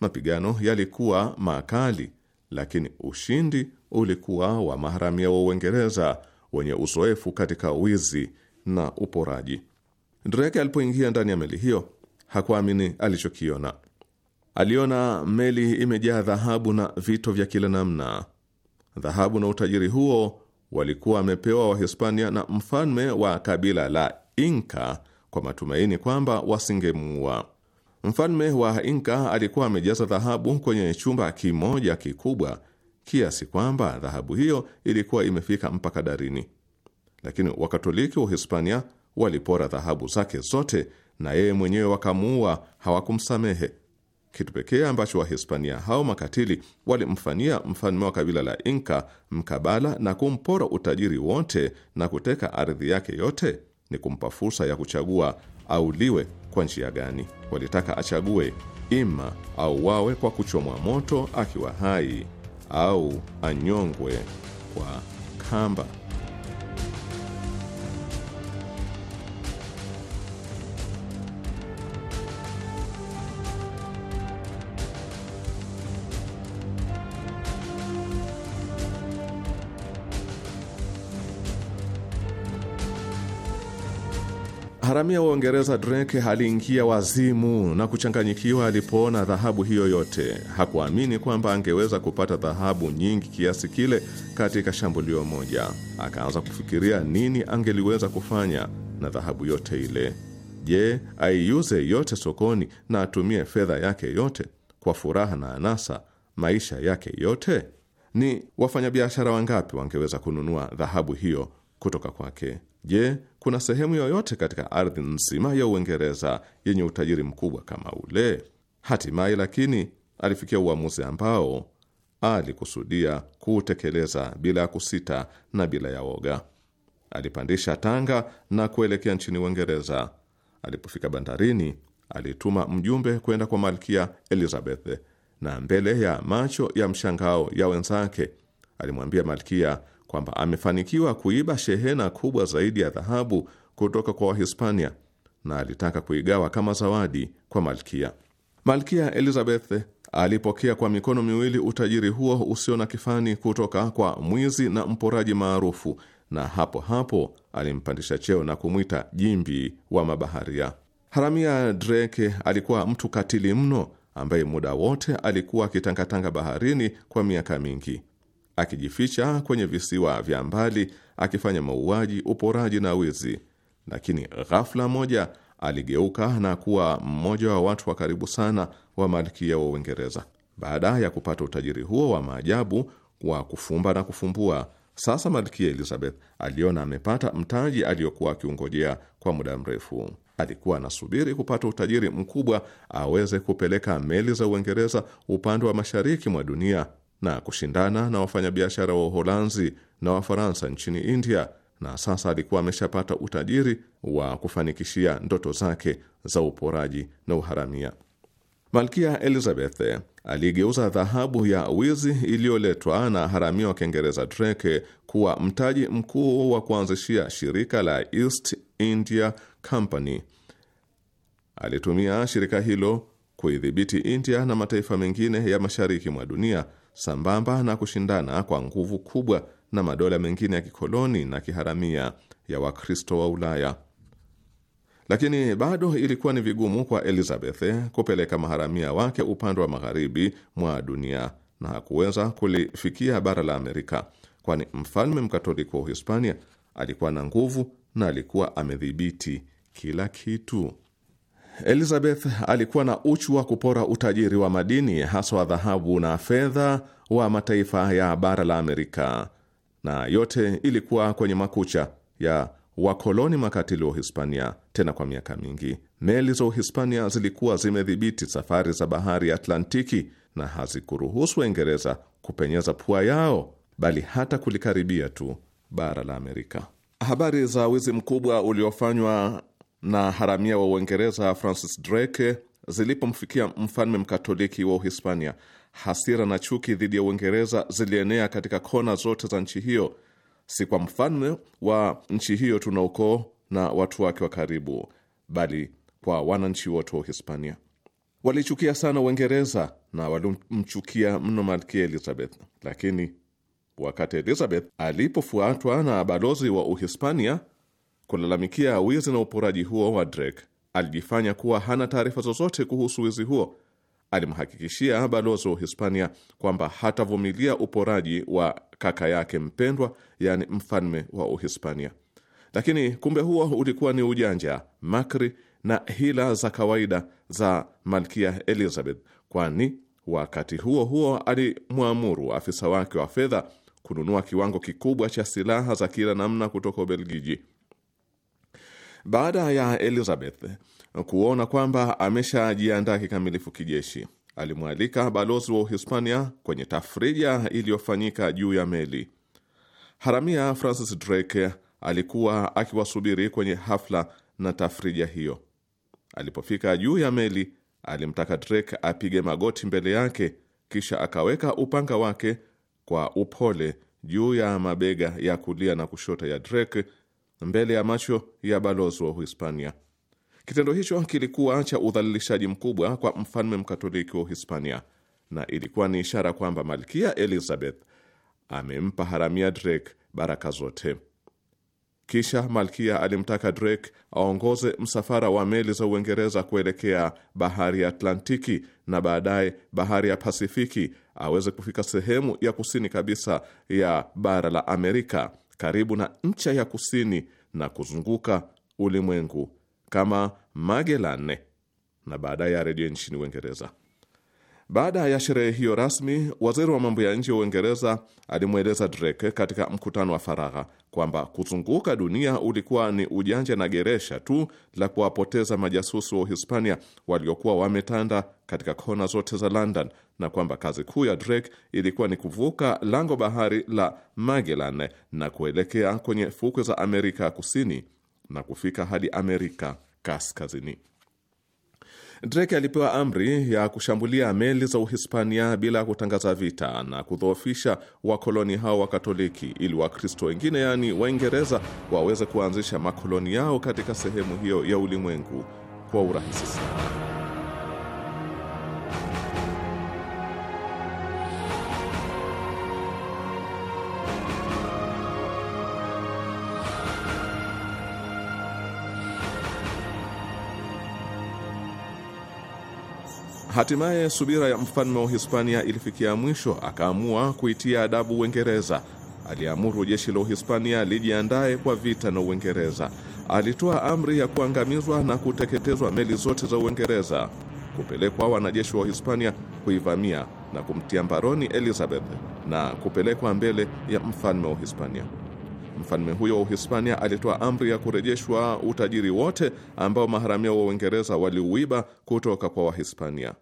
Speaker 1: Mapigano yalikuwa makali, lakini ushindi ulikuwa wa maharamia wa Uingereza wenye uzoefu katika wizi na uporaji. Drake alipoingia ndani ya meli hiyo hakuamini alichokiona. Aliona meli imejaa dhahabu na vito vya kila namna Dhahabu na utajiri huo walikuwa wamepewa Wahispania na mfalme wa kabila la Inka kwa matumaini kwamba wasingemuua. Mfalme wa Inka alikuwa amejaza dhahabu kwenye chumba kimoja kikubwa kiasi kwamba dhahabu hiyo ilikuwa imefika mpaka darini, lakini Wakatoliki wa Hispania walipora dhahabu zake zote na yeye mwenyewe wakamuua, hawakumsamehe kitu pekee ambacho Wahispania hao makatili walimfanyia mfalme wa kabila la Inka mkabala na kumpora utajiri wote na kuteka ardhi yake yote ni kumpa fursa ya kuchagua auliwe kwa njia gani. Walitaka achague ima au wawe kwa kuchomwa moto akiwa hai au anyongwe kwa kamba. haramia wa Uingereza Drake aliingia wazimu na kuchanganyikiwa alipoona dhahabu hiyo yote. Hakuamini kwamba angeweza kupata dhahabu nyingi kiasi kile katika shambulio moja. Akaanza kufikiria nini angeliweza kufanya na dhahabu yote ile. Je, aiuze yote sokoni na atumie fedha yake yote kwa furaha na anasa maisha yake yote? Ni wafanyabiashara wangapi wangeweza kununua dhahabu hiyo kutoka kwake? Je, kuna sehemu yoyote katika ardhi nzima ya Uingereza yenye utajiri mkubwa kama ule? Hatimaye lakini alifikia uamuzi ambao alikusudia kuutekeleza bila ya kusita na bila ya woga. Alipandisha tanga na kuelekea nchini Uingereza. Alipofika bandarini, alituma mjumbe kwenda kwa Malkia Elizabeth, na mbele ya macho ya mshangao ya wenzake alimwambia Malkia kwamba amefanikiwa kuiba shehena kubwa zaidi ya dhahabu kutoka kwa Wahispania na alitaka kuigawa kama zawadi kwa malkia. Malkia Elizabeth alipokea kwa mikono miwili utajiri huo usio na kifani kutoka kwa mwizi na mporaji maarufu, na hapo hapo alimpandisha cheo na kumwita jimbi wa mabaharia. Haramia Drake alikuwa mtu katili mno ambaye muda wote alikuwa akitangatanga baharini kwa miaka mingi akijificha kwenye visiwa vya mbali akifanya mauaji, uporaji na wizi, lakini ghafla moja aligeuka na kuwa mmoja wa watu wa karibu sana wa malkia wa Uingereza. Baada ya kupata utajiri huo wa maajabu wa kufumba na kufumbua, sasa malkia Elizabeth aliona amepata mtaji aliyokuwa akiungojea kwa muda mrefu. Alikuwa anasubiri kupata utajiri mkubwa aweze kupeleka meli za Uingereza upande wa mashariki mwa dunia na kushindana na wafanyabiashara wa Uholanzi na Wafaransa nchini India, na sasa alikuwa ameshapata utajiri wa kufanikishia ndoto zake za uporaji na uharamia. Malkia Elizabeth aliigeuza dhahabu ya wizi iliyoletwa na haramia wa Kiingereza Drake kuwa mtaji mkuu wa kuanzishia shirika la East India Company. Alitumia shirika hilo kuidhibiti India na mataifa mengine ya mashariki mwa dunia sambamba na kushindana kwa nguvu kubwa na madola mengine ya kikoloni na kiharamia ya Wakristo wa Ulaya. Lakini bado ilikuwa ni vigumu kwa Elizabeth eh, kupeleka maharamia wake upande wa magharibi mwa dunia na hakuweza kulifikia bara la Amerika, kwani mfalme mkatoliki wa Uhispania alikuwa na nguvu na alikuwa amedhibiti kila kitu. Elizabeth alikuwa na uchu wa kupora utajiri wa madini haswa dhahabu na fedha wa mataifa ya bara la Amerika, na yote ilikuwa kwenye makucha ya wakoloni makatili wa Uhispania, tena kwa miaka mingi. Meli za Uhispania zilikuwa zimedhibiti safari za bahari ya Atlantiki na hazikuruhusu Waingereza kupenyeza pua yao, bali hata kulikaribia tu bara la Amerika. Habari za wizi mkubwa uliofanywa na haramia wa Uingereza Francis Drake zilipomfikia mfalme mkatoliki wa Uhispania, hasira na chuki dhidi ya Uingereza zilienea katika kona zote za nchi hiyo. Si kwa mfalme wa nchi hiyo tuna ukoo na watu wake wa karibu, bali kwa wananchi wote wa Uhispania. Walichukia sana Uingereza na walimchukia mno malkia Elizabeth, lakini wakati Elizabeth alipofuatwa na balozi wa Uhispania kulalamikia wizi na uporaji huo wa Drake, alijifanya kuwa hana taarifa zozote kuhusu wizi huo. Alimhakikishia balozi wa Uhispania kwamba hatavumilia uporaji wa kaka yake mpendwa, yaani mfalme wa Uhispania. Lakini kumbe huo ulikuwa ni ujanja, makri na hila za kawaida za malkia Elizabeth, kwani wakati huo huo alimwamuru afisa wake wa fedha kununua kiwango kikubwa cha silaha za kila namna kutoka Ubelgiji. Baada ya Elizabeth kuona kwamba ameshajiandaa kikamilifu kijeshi, alimwalika balozi wa Uhispania kwenye tafrija iliyofanyika juu ya meli. Haramia Francis Drake alikuwa akiwasubiri kwenye hafla na tafrija hiyo. Alipofika juu ya meli, alimtaka Drake apige magoti mbele yake, kisha akaweka upanga wake kwa upole juu ya mabega ya kulia na kushoto ya Drake mbele ya macho ya balozi wa Uhispania. Kitendo hicho kilikuwa cha udhalilishaji mkubwa kwa mfalme mkatoliki wa Uhispania na ilikuwa ni ishara kwamba malkia Elizabeth amempa haramia Drake baraka zote. Kisha malkia alimtaka Drake aongoze msafara wa meli za Uingereza kuelekea bahari ya Atlantiki na baadaye bahari ya Pasifiki, aweze kufika sehemu ya kusini kabisa ya bara la Amerika, karibu na ncha ya kusini na kuzunguka ulimwengu kama Magellan na baadaye arejee nchini Uingereza. Baada ya sherehe hiyo rasmi, waziri wa mambo ya nje wa Uingereza alimweleza Drake katika mkutano wa faragha kwamba kuzunguka dunia ulikuwa ni ujanja na geresha tu la kuwapoteza majasusi wa Uhispania waliokuwa wametanda katika kona zote za London na kwamba kazi kuu ya Drake ilikuwa ni kuvuka lango bahari la Magellan na kuelekea kwenye fukwe za Amerika ya Kusini na kufika hadi Amerika Kaskazini. Drake alipewa amri ya kushambulia meli za Uhispania bila kutangaza vita na kudhoofisha wakoloni hao wa Katoliki ili Wakristo wengine yaani Waingereza waweze kuanzisha makoloni yao katika sehemu hiyo ya ulimwengu kwa urahisi sana. Hatimaye subira ya mfalme wa Uhispania ilifikia mwisho, akaamua kuitia adabu Uingereza. Aliamuru jeshi la Uhispania lijiandae kwa vita na Uingereza. Alitoa amri ya kuangamizwa na kuteketezwa meli zote za Uingereza, kupelekwa wanajeshi wa Uhispania kuivamia na kumtia mbaroni Elizabeth na kupelekwa mbele ya mfalme wa Uhispania. Mfalme huyo wa Uhispania alitoa amri ya kurejeshwa utajiri wote ambao maharamia wa Uingereza waliuiba kutoka kwa Wahispania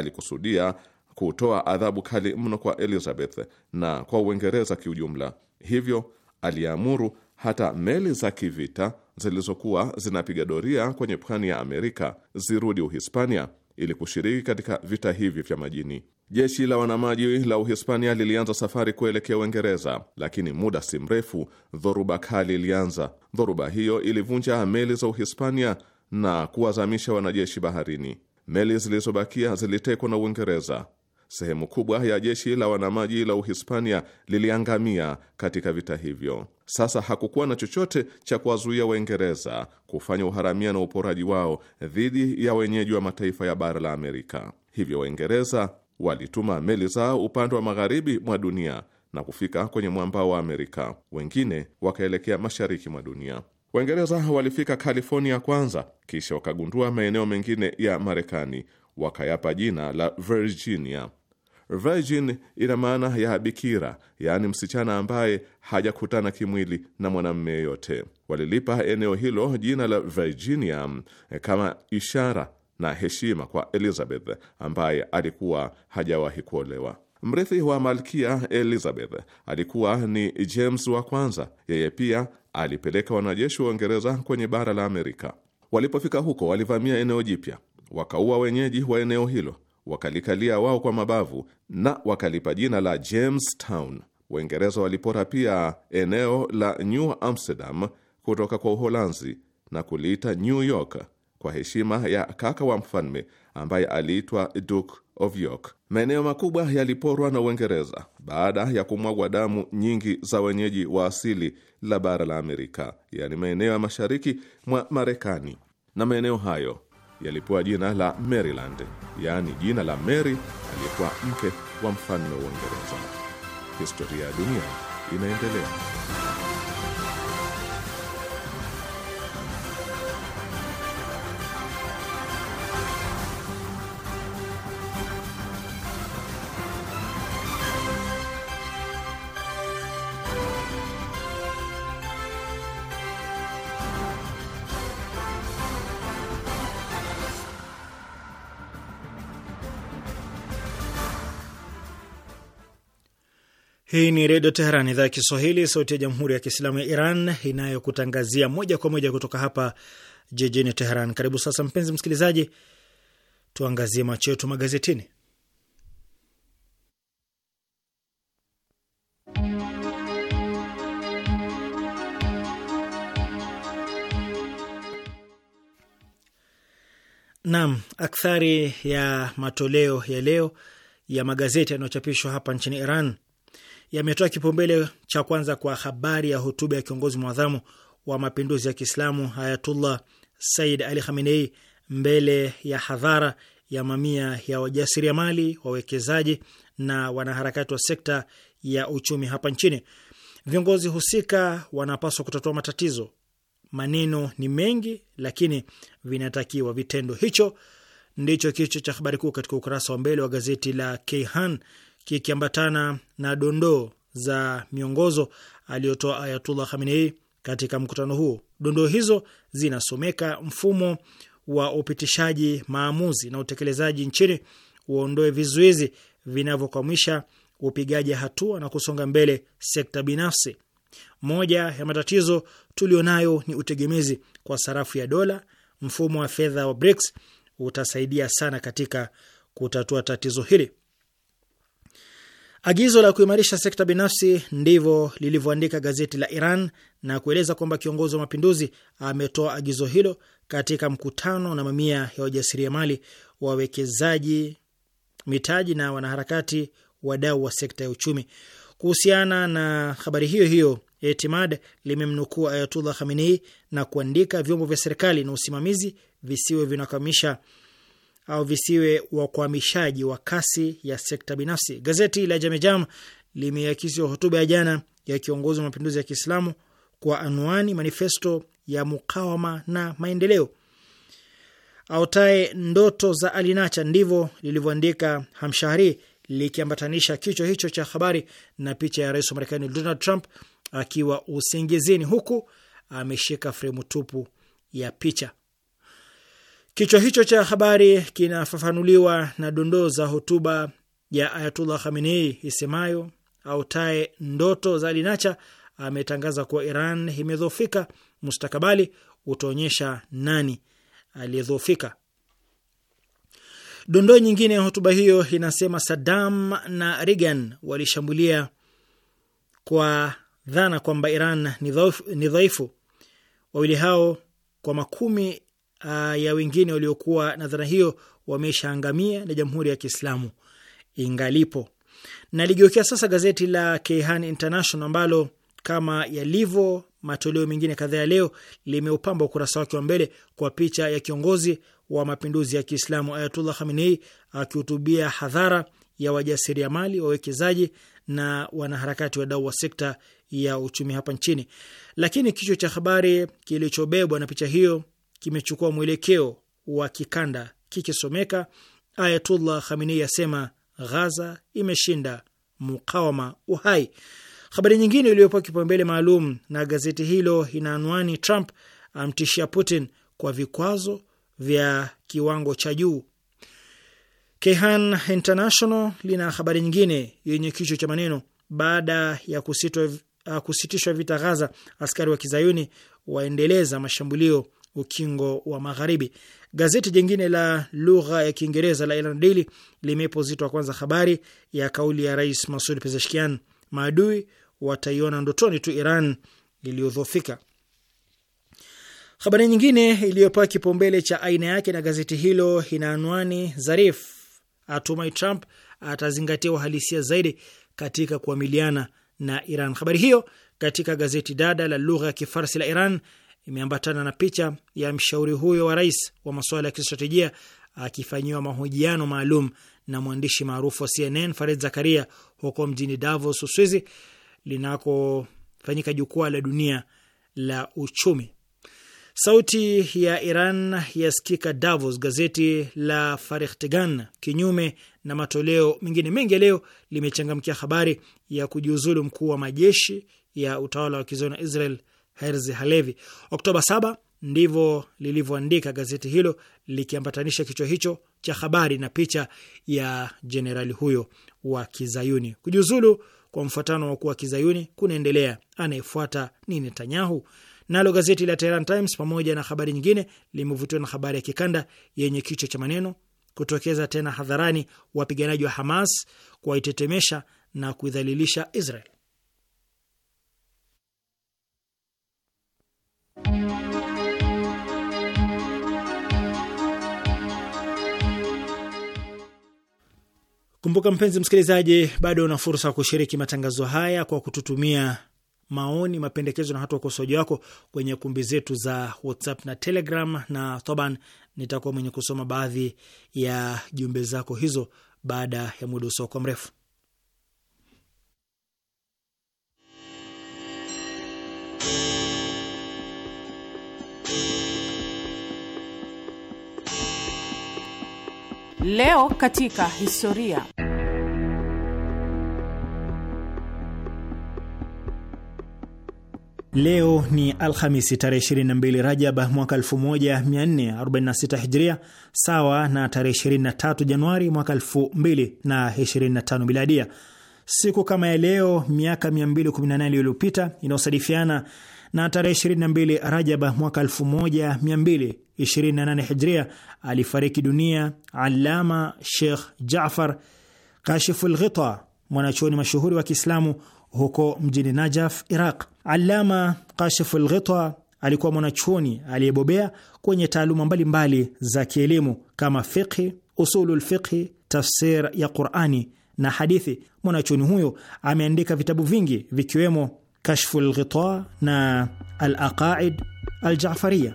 Speaker 1: alikusudia kutoa adhabu kali mno kwa Elizabeth na kwa Uingereza kiujumla. Hivyo aliamuru hata meli za kivita zilizokuwa zinapiga doria kwenye pwani ya Amerika zirudi Uhispania ili kushiriki katika vita hivi vya majini. Jeshi la wanamaji la Uhispania lilianza safari kuelekea Uingereza, lakini muda si mrefu dhoruba kali ilianza. Dhoruba hiyo ilivunja meli za Uhispania na kuwazamisha wanajeshi baharini. Meli zilizobakia zilitekwa na Uingereza. Sehemu kubwa ya jeshi la wanamaji la Uhispania liliangamia katika vita hivyo. Sasa hakukuwa na chochote cha kuwazuia Waingereza kufanya uharamia na uporaji wao dhidi ya wenyeji wa mataifa ya bara la Amerika. Hivyo Waingereza walituma meli zao upande wa magharibi mwa dunia na kufika kwenye mwambao wa Amerika, wengine wakaelekea mashariki mwa dunia. Waingereza walifika California kwanza, kisha wakagundua maeneo mengine ya Marekani wakayapa jina la Virginia. Virgin ina maana ya bikira, yaani msichana ambaye hajakutana kimwili na mwanamume yeyote. Walilipa eneo hilo jina la Virginia eh, kama ishara na heshima kwa Elizabeth ambaye alikuwa hajawahi kuolewa. Mrithi wa malkia Elizabeth alikuwa ni James wa kwanza. Yeye pia alipeleka wanajeshi wa Uingereza kwenye bara la Amerika. Walipofika huko, walivamia eneo jipya, wakaua wenyeji wa eneo hilo, wakalikalia wao kwa mabavu na wakalipa jina la Town. Waingereza walipora pia eneo la New Amsterdam kutoka kwa Uholanzi na kuliita New York kwa heshima ya kaka wa mfalme ambaye aliitwa Duke of York. Maeneo makubwa yaliporwa na Uingereza baada ya kumwagwa damu nyingi za wenyeji wa asili la bara la Amerika, yaani maeneo ya mashariki mwa Marekani, na maeneo hayo yalipewa jina la Maryland, yaani jina la Mary aliyekuwa mke wa mfalme wa Uingereza. Historia ya dunia inaendelea.
Speaker 3: Hii ni Redio Teheran, idhaa ya Kiswahili, sauti ya Jamhuri ya Kiislamu ya Iran, inayokutangazia moja kwa moja kutoka hapa jijini Teheran. Karibu sasa, mpenzi msikilizaji, tuangazie macho yetu magazetini. Naam, akthari ya matoleo ya leo ya magazeti yanayochapishwa hapa nchini Iran yametoa kipaumbele cha kwanza kwa habari ya hotuba ya kiongozi mwadhamu wa mapinduzi ya Kiislamu Hayatullah Said Ali Khamenei mbele ya hadhara ya mamia ya wajasiriamali, wawekezaji na wanaharakati wa sekta ya uchumi hapa nchini. Viongozi husika wanapaswa kutatua matatizo. Maneno ni mengi, lakini vinatakiwa vitendo. Hicho ndicho kichwa cha habari kuu katika ukurasa wa mbele wa gazeti la Kayhan kikiambatana na dondoo za miongozo aliyotoa Ayatullah Khamenei katika mkutano huo. Dondoo hizo zinasomeka: mfumo wa upitishaji maamuzi na utekelezaji nchini uondoe vizuizi vinavyokwamisha upigaji hatua na kusonga mbele sekta binafsi. Moja ya matatizo tulionayo ni utegemezi kwa sarafu ya dola. Mfumo wa fedha wa BRICS utasaidia sana katika kutatua tatizo hili. Agizo la kuimarisha sekta binafsi ndivyo lilivyoandika gazeti la Iran na kueleza kwamba kiongozi wa mapinduzi ametoa agizo hilo katika mkutano na mamia ya wajasiriamali, wawekezaji, mitaji na wanaharakati wadau wa sekta ya uchumi. Kuhusiana na habari hiyo hiyo, Etimad limemnukuu Ayatullah Khamenei na kuandika vyombo vya serikali na usimamizi visiwe vinakamisha au visiwe wakwamishaji wa kasi ya sekta binafsi. Gazeti la Jamejam limeakisi hotuba ya jana ya kiongozi wa mapinduzi ya Kiislamu kwa anwani manifesto ya mukawama na maendeleo autae ndoto za alinacha, ndivyo lilivyoandika Hamshahri, likiambatanisha kichwa hicho cha habari na picha ya rais wa Marekani Donald Trump akiwa usingizini, huku ameshika fremu tupu ya picha. Kichwa hicho cha habari kinafafanuliwa na dondoo za hotuba ya Ayatullah Khamenei isemayo tae ndoto za Alinacha ametangaza kuwa Iran imedhoofika, mustakabali utaonyesha nani aliyedhoofika. Dondoo nyingine ya hotuba hiyo inasema Saddam na Reagan walishambulia kwa dhana kwamba Iran ni dhaifu. Wawili hao kwa makumi uh, ya wengine waliokuwa na dhana hiyo wameshaangamia na Jamhuri ya Kiislamu ingalipo. Na Naligeukia sasa gazeti la Kayhan International ambalo kama yalivyo matoleo mengine kadhaa ya leo limeupamba ukurasa wake wa mbele kwa picha ya kiongozi wa mapinduzi ya Kiislamu Ayatullah Khamenei akihutubia hadhara ya wajasiriamali, wawekezaji na wanaharakati wadau wa sekta ya uchumi hapa nchini. Lakini kichwa cha habari kilichobebwa na picha hiyo kimechukua mwelekeo wa kikanda kikisomeka Ayatullah Khamenei asema Ghaza imeshinda mukawama uhai. Habari nyingine iliyopewa kipaumbele maalum na gazeti hilo ina anwani Trump amtishia Putin kwa vikwazo vya kiwango cha juu. Kehan International lina habari nyingine yenye kichwa cha maneno baada ya kusitishwa vita Ghaza, askari wa kizayuni waendeleza mashambulio ukingo wa Magharibi. Gazeti jingine la lugha ya Kiingereza la Iran Daily limepo zito wa kwanza habari ya kauli ya Rais Masud Pezeshkian, maadui wataiona ndotoni tu Iran iliyodhofika. Habari nyingine iliyopewa kipaumbele cha aina yake na gazeti hilo ina anwani Zarif atumai Trump atazingatia uhalisia zaidi katika kuamiliana na Iran. Habari hiyo katika gazeti dada la lugha ya Kifarsi la Iran imeambatana na picha ya mshauri huyo wa rais wa masuala ya kistratejia akifanyiwa mahojiano maalum na mwandishi maarufu wa CNN Fared Zakaria huko mjini Davos, Uswizi, linakofanyika jukwaa la dunia la uchumi. Sauti ya Iran yasikika Davos. Gazeti la Farehteghan, kinyume na matoleo mengine mengi yaleo leo, limechangamkia habari ya kujiuzulu mkuu wa majeshi ya utawala wa kizayuni Israel Herzi Halevi. Oktoba 7 ndivyo lilivyoandika gazeti hilo likiambatanisha kichwa hicho cha habari na picha ya jenerali huyo wa Kizayuni. Kujiuzulu kwa mfuatano wa wakuu wa Kizayuni kunaendelea, anayefuata ni Netanyahu. Nalo gazeti la Tehran Times pamoja na habari nyingine limevutiwa na habari ya kikanda yenye kichwa cha maneno kutokeza tena hadharani wapiganaji wa Hamas kuwaitetemesha na kuidhalilisha Israel. Kumbuka mpenzi msikilizaji, bado una fursa ya kushiriki matangazo haya kwa kututumia maoni, mapendekezo na hata ukosoaji wako kwenye kumbi zetu za WhatsApp na Telegram, na toban nitakuwa mwenye kusoma baadhi ya jumbe zako hizo baada ya muda usiokuwa mrefu.
Speaker 2: Leo katika historia.
Speaker 3: Leo ni Alhamisi tarehe 22 Rajab mwaka 1446 Hijria, sawa na tarehe 23 Januari mwaka 2025 Miladia. Siku kama ya leo miaka 218 iliyopita inayosadifiana na tarehe 22 Rajaba mwaka 1228 Hijria alifariki dunia Alama Sheikh Jafar Kashiful Ghita, mwanachuoni mashuhuri wa Kiislamu huko mjini Najaf, Iraq. Alama Kashiful Ghita alikuwa mwanachuoni aliyebobea kwenye taaluma mbalimbali za kielimu kama fiqhi, usulul fiqhi, tafsir ya Qurani na hadithi. Mwanachuoni huyo ameandika vitabu vingi vikiwemo Kashfu Lghita na alaqaid aljafaria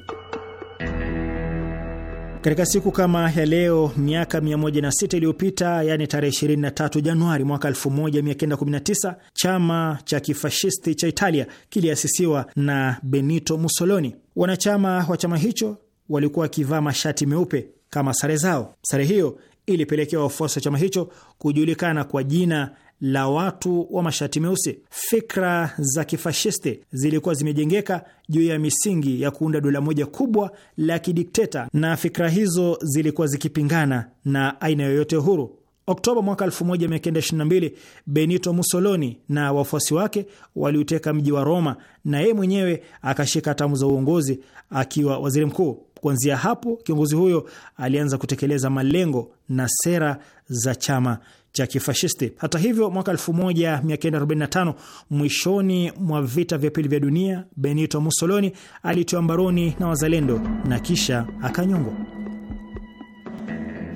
Speaker 3: Katika siku kama ya leo miaka 106 iliyopita, yani tarehe 23 Januari mwaka 1919, chama cha kifashisti cha Italia kiliasisiwa na Benito Mussolini. Wanachama wa chama hicho walikuwa wakivaa mashati meupe kama sare zao. Sare hiyo ilipelekea wafuasi wa chama hicho kujulikana kwa jina la watu wa mashati meusi. Fikra za kifashisti zilikuwa zimejengeka juu ya misingi ya kuunda dola moja kubwa la kidikteta, na fikra hizo zilikuwa zikipingana na aina yoyote huru. Oktoba mwaka 1922 Benito Mussolini na wafuasi wake waliuteka mji wa Roma na yeye mwenyewe akashika hatamu za uongozi akiwa waziri mkuu. Kuanzia hapo, kiongozi huyo alianza kutekeleza malengo na sera za chama cha kifashisti. Hata hivyo, mwaka 1945 mwishoni mwa vita vya pili vya dunia, Benito Mussolini alitiwa mbaroni na wazalendo na kisha akanyongwa.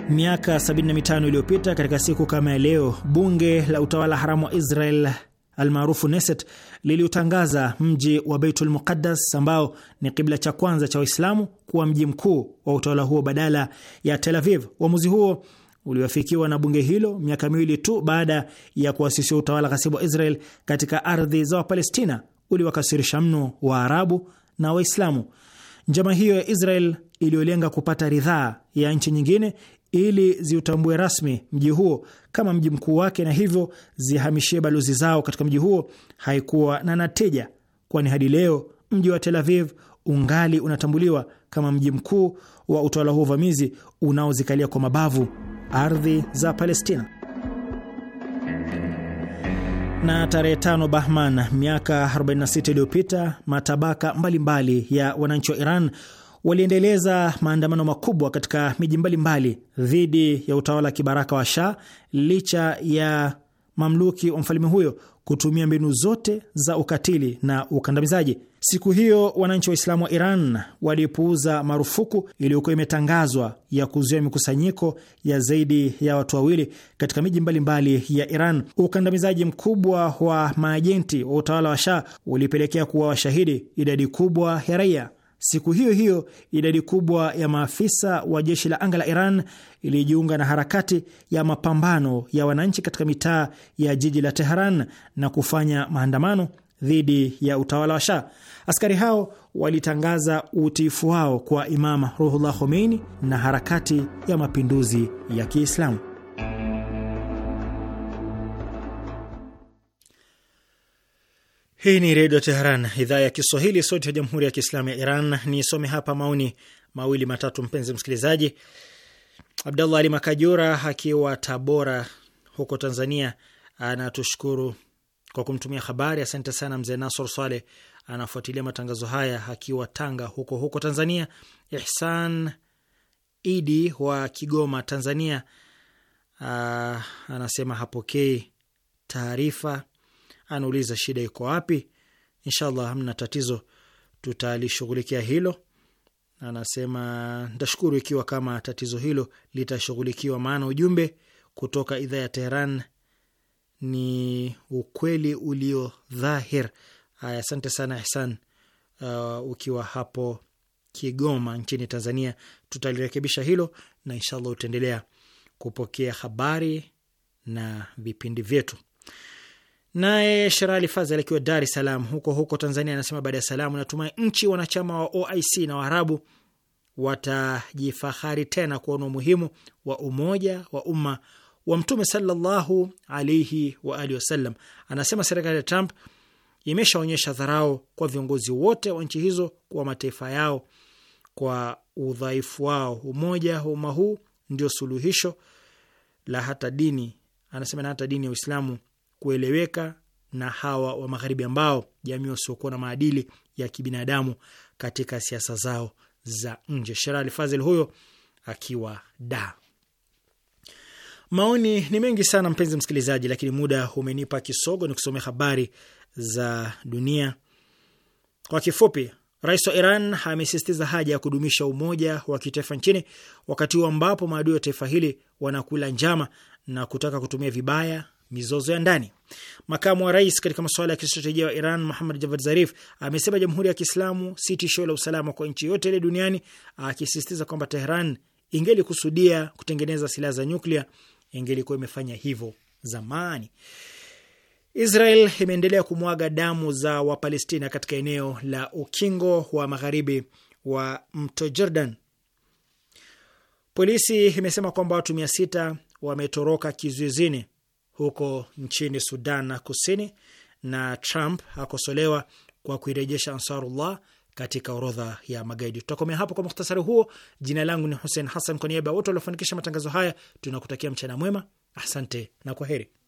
Speaker 3: Miaka 75 iliyopita katika siku kama ya leo, bunge la utawala haramu wa Israel almaarufu Neset liliutangaza mji wa Beitul Muqaddas ambao ni kibla cha kwanza cha Waislamu kuwa mji mkuu wa utawala huo badala ya Tel Aviv. Uamuzi huo uliofikiwa na bunge hilo miaka miwili tu baada ya kuasisiwa utawala ghasibu wa Israel katika ardhi za Wapalestina uliwakasirisha mno Waarabu na Waislamu. Njama hiyo ya Israel iliyolenga kupata ridhaa ya nchi nyingine ili ziutambue rasmi mji huo kama mji mkuu wake na hivyo zihamishie balozi zao katika mji huo haikuwa na natija, kwani hadi leo mji wa Tel Aviv ungali unatambuliwa kama mji mkuu wa utawala huo uvamizi unaozikalia kwa mabavu ardhi za Palestina. Na tarehe tano Bahman miaka 46 iliyopita, matabaka mbalimbali mbali ya wananchi wa Iran waliendeleza maandamano makubwa katika miji mbalimbali dhidi ya utawala wa kibaraka wa Shah licha ya mamluki wa mfalme huyo kutumia mbinu zote za ukatili na ukandamizaji. Siku hiyo wananchi Islamu wa Iran walipuuza marufuku iliyokuwa imetangazwa ya kuzuia mikusanyiko ya zaidi ya watu wawili katika miji mbalimbali ya Iran. Ukandamizaji mkubwa wa maajenti wa utawala wa Shah ulipelekea kuwa washahidi idadi kubwa ya raia. Siku hiyo hiyo idadi kubwa ya maafisa wa jeshi la anga la Iran ilijiunga na harakati ya mapambano ya wananchi katika mitaa ya jiji la Teheran na kufanya maandamano dhidi ya utawala wa Shah. Askari hao walitangaza utiifu wao kwa Imam Ruhullah Khomeini na harakati ya mapinduzi ya Kiislamu. Hii ni Redio Teheran, idhaa ya Kiswahili, sauti ya Jamhuri ya Kiislamu ya Iran. Nisome hapa maoni mawili matatu, mpenzi msikilizaji. Abdallah Ali Makajura akiwa Tabora huko Tanzania anatushukuru kwa kumtumia habari. Asante sana mzee Nasor Swale anafuatilia matangazo haya akiwa Tanga huko huko Tanzania. Ihsan Idi wa Kigoma, Tanzania, uh, anasema hapokei taarifa, anauliza shida iko wapi? Inshallah hamna tatizo, tutalishughulikia hilo. Anasema ntashukuru ikiwa kama tatizo hilo litashughulikiwa, maana ujumbe kutoka idhaa ya Teheran ni ukweli ulio dhahir Haya, asante sana Ihsan. Uh, ukiwa hapo Kigoma nchini Tanzania, tutalirekebisha hilo na inshallah utaendelea kupokea habari na vipindi vyetu. Naye Sherali Fazal akiwa Dar es Salaam huko huko Tanzania anasema, baada ya salamu, natumai nchi wanachama wa OIC na Waarabu watajifahari tena kuona umuhimu wa umoja wa umma wa Mtume sallallahu alaihi wa alihi wasallam. Anasema serikali ya Trump imeshaonyesha dharau kwa viongozi wote wa nchi hizo kwa mataifa yao kwa udhaifu wao. Umoja wa umma huu ndio suluhisho la hata dini, anasema na hata dini ya Uislamu kueleweka na hawa wa Magharibi ambao jamii wasiokuwa na maadili ya kibinadamu katika siasa zao za nje. Sherali Fazil huyo akiwa da Maoni ni mengi sana, mpenzi msikilizaji, lakini muda umenipa kisogo ni kusomea habari za dunia kwa kifupi. Rais wa Iran amesisitiza haja ya kudumisha umoja wa kitaifa nchini wakati huu ambapo maadui wa taifa hili wanakula njama na kutaka kutumia vibaya mizozo ya ndani. Makamu wa rais katika masuala ya kistratejia wa Iran Muhammad Javad Zarif amesema jamhuri ya Kiislamu si tishio la usalama kwa nchi yote ile duniani, akisisitiza kwamba Tehran ingelikusudia kutengeneza silaha za nyuklia ingelikuwa imefanya hivyo zamani. Israel imeendelea kumwaga damu za Wapalestina katika eneo la ukingo wa magharibi wa mto Jordan. Polisi imesema kwamba watu mia sita wametoroka kizuizini huko nchini Sudan na Kusini, na Trump akosolewa kwa kuirejesha Ansarullah katika orodha ya magaidi. Tutakomea hapo kwa muhtasari huo. Jina langu ni Hussein Hassan, kwa niaba ya wote waliofanikisha matangazo haya, tunakutakia mchana mwema. Asante na kwa heri.